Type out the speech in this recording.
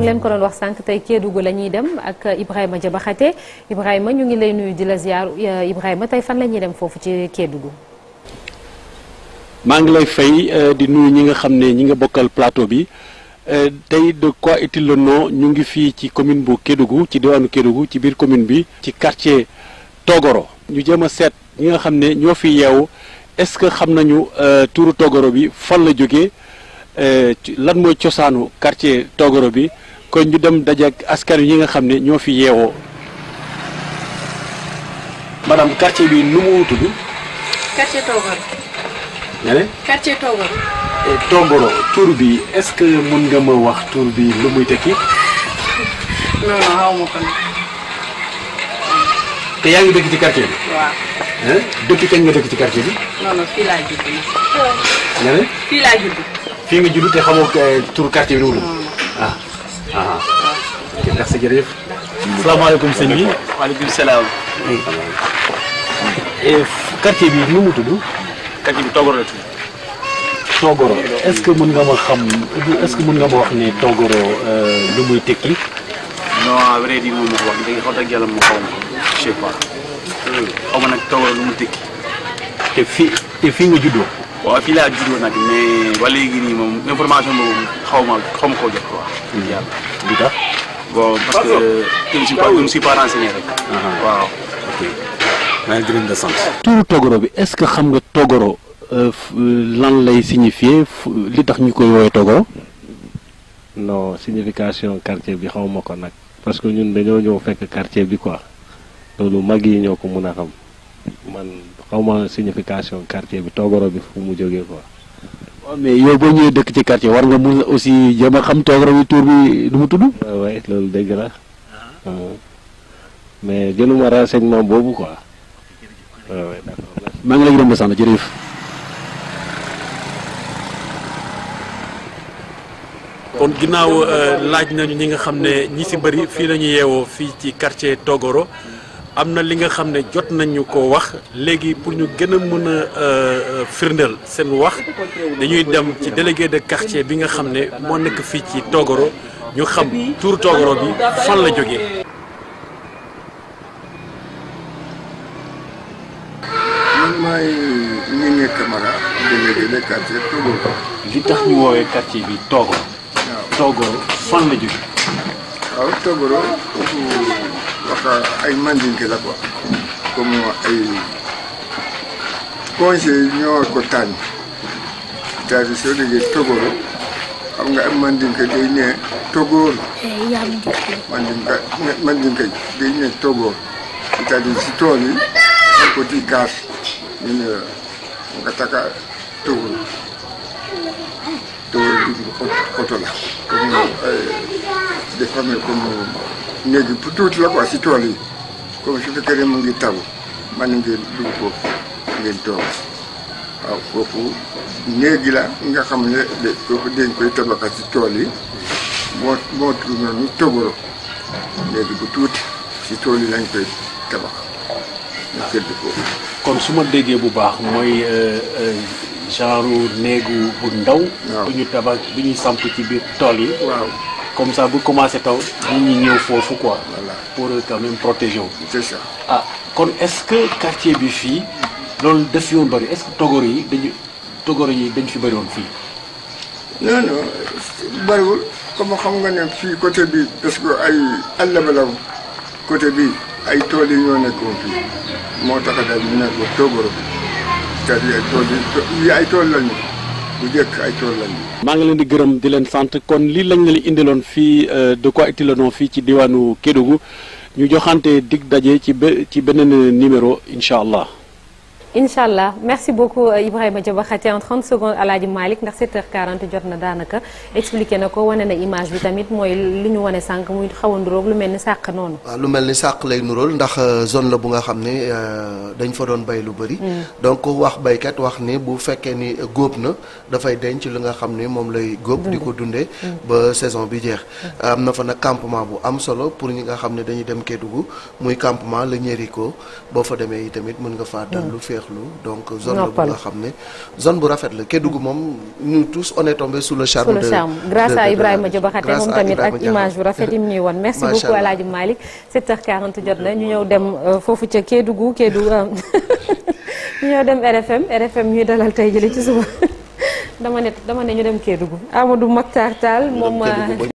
ngi ko doon wax sànq tey Kédougou la ñuy dem ak Ibrahima Diabakhate Ibrahima ñu ngi lay nuyu di la euh, Ibrahima tey fan la ñuy dem foofu ci Kédougou. maa ngi lay fay euh, di nuyu ñi nga xam ne ñi nga bokkal plateau bi euh, tey de quoi est-il ñu ngi fii ci commune bu Kédougou ci diwaanu Kédougou ci biir commune bi. ci quartier Togoro. ñu jéem a seet ñi nga xam ne ñoo fi yeewu est-ce que xam nañu tuuru Togoro bi fan la jógee. lan mooy cosaanu quartier Togoro bi kon ñu dem dajeeg askan yi nga xam ne ñoo fi yeewoo. maanaam quartier bi nu mu tudd. quartier Togoro. nga ne. quartier eh, bi est-ce que mën nga ma wax tur bi lu muy tekki. non non te yaa ngi dëkk ci quartier bi. waaw. Eh, depuis kañ nga dëkk ci quartier bi. non fii laa judd. nga ne. fii laa judd. fii nga judd te xamoo eh, tur quartier bi nu mu ah. waaw. Ah. merci jërëjëf. salaamaaleykum sëñ salaam. quartier bi nu mu tudd. quartier bi Togoro la tudd. Togoro est-ce que mun nga ma xam est-ce que mën nga ma wax ne Togoro euh, lu muy tekki. non à vrai moom ma ko wax dëgg hmm. lu mu tekki. te fii te fii nga juddoo. waaw fii laa juddoo nag xaw ma xaw parce que je ne suis pas je ne togoro bi est-ce que xam nga togoro euh, euh, lan lay signifier li tax ñu koy woowee togoro. non signification quartier bi xaw ma ko nag parce que ñun dañoo ñëw fekk quartier bi quoi loolu mag yi ñoo ko mën a xam. man xaw ma signification quartier bi toogoro bi fu mu jógee ko waaw mais boo ñëwee dëkk ci quartier war nga mun aussi jéem a xam toogoro bi tuur bi du mu tudd. waay loolu dëgg la ah. mais jëluma renseignement boobu quoi. waaw waay d'accord maa ngi lay gërëm kon ginnaaw euh, laaj nañu ñi nga xam ne ñi si bari fii la yeewoo fii ci quartier Togoro. am na li nga xam ne jot nañu ko wax léegi pour ñu gën a mën a euh, euh, firndeel seen wax dañuy dem ci délégué de quartier bi nga xam ne moo nekk fii ci Togoro ñu xam tuur Togoro bi fan la jógee. man maay Gningue Camara délégué de bi Togoro. Togoro waaw togoro kooku wax ay mandinke la quoi comme ay conseil ñoo ko tànn cest soo déggee togoro xam nga am mandinke day ne togoor eh, mandinka mandinka si tool yi ak ko di gaas ñu ne nga taka togoro togoro bi oto la comme dafa amee comme néegi bu tuuti la quoi si tool yi comme su fekkee ne mu ngi taw man ngeen dugg foofu ngeen toog waaw néegi la nga xam ne foofu dañ koy tabaxa si tool yi moo moo tudd noonu togoro néegi bu tuuti si tool yi lañ koy tabax nga kër di foofu kon su ma déggee bu baax mooy euh, euh, genre néegu bu ndaw bu ñu tabax bu ñuy samp ci biir tool yi comme ça bu commencé taw nit ñi ñëw foofu quoi. pour quand même protéger ah kon est-ce que quartier bi fii loolu def fi woon bëri est-ce que togoro yi dañu togoro yi dañ fi bëri woon fii. non non bëriwul comme xam nga ne fii côté bi parce que ay àll ba côté bi ay tool yi ñoo nekkoon fii moo tax daal mun nekk togoro c'est-à-dire ay tool yi ay tool lañu. bu njëkk ay tool lañ maa ngi leen di gërëm di leen sant kon lii lañ la indiloon fii euh, de quoi utilanoo fii ci diwaanu Kédougou ñu joxante dig daje ci ci beneen numéro incha allah. incha allah merci beaucoup euh, Ibrahima Diabakhate en 30 secondes Alaaji Malick ndax 7 h jot na daanaka expliqué na ko wane na image bi tamit mooy li ñu wane sànq muy xaw a nuróog lu mel ni sàq noonu. waaw lu mel ni sàq lay nuróol ndax euh, zone la bu nga xam ne euh, dañ fa doon bay lu bëri. Mm. donc wax baykat wax ni bu fekkee ni góob na dafay denc lu nga xam ni moom lay góob. di ko dundee mm. ba saison bi jeex. Mm. am na fa na campement bu am solo pour ñi nga xam ne dañuy dem Kédougou muy campement la ñeriko boo fa demee tamit mën nga féexlu donc zone la bu xam ne zone bu rafet la Kédougou moom nous tous on est tombé sous le charme de grâce à Ibrahima Diabakhate moom tamit ak image bu rafet yi mu ñuy won merci beaucoup El Hadj Malick 7 h jot na ñu ñëw dem euh, foofu ca Kédougou Kédougou euh, ñu ñëw dem RFM RFM ñuy dalal tey jële ci suba dama ne dama ne ñu dem Kédougou Amadou Mokhtar Tall moom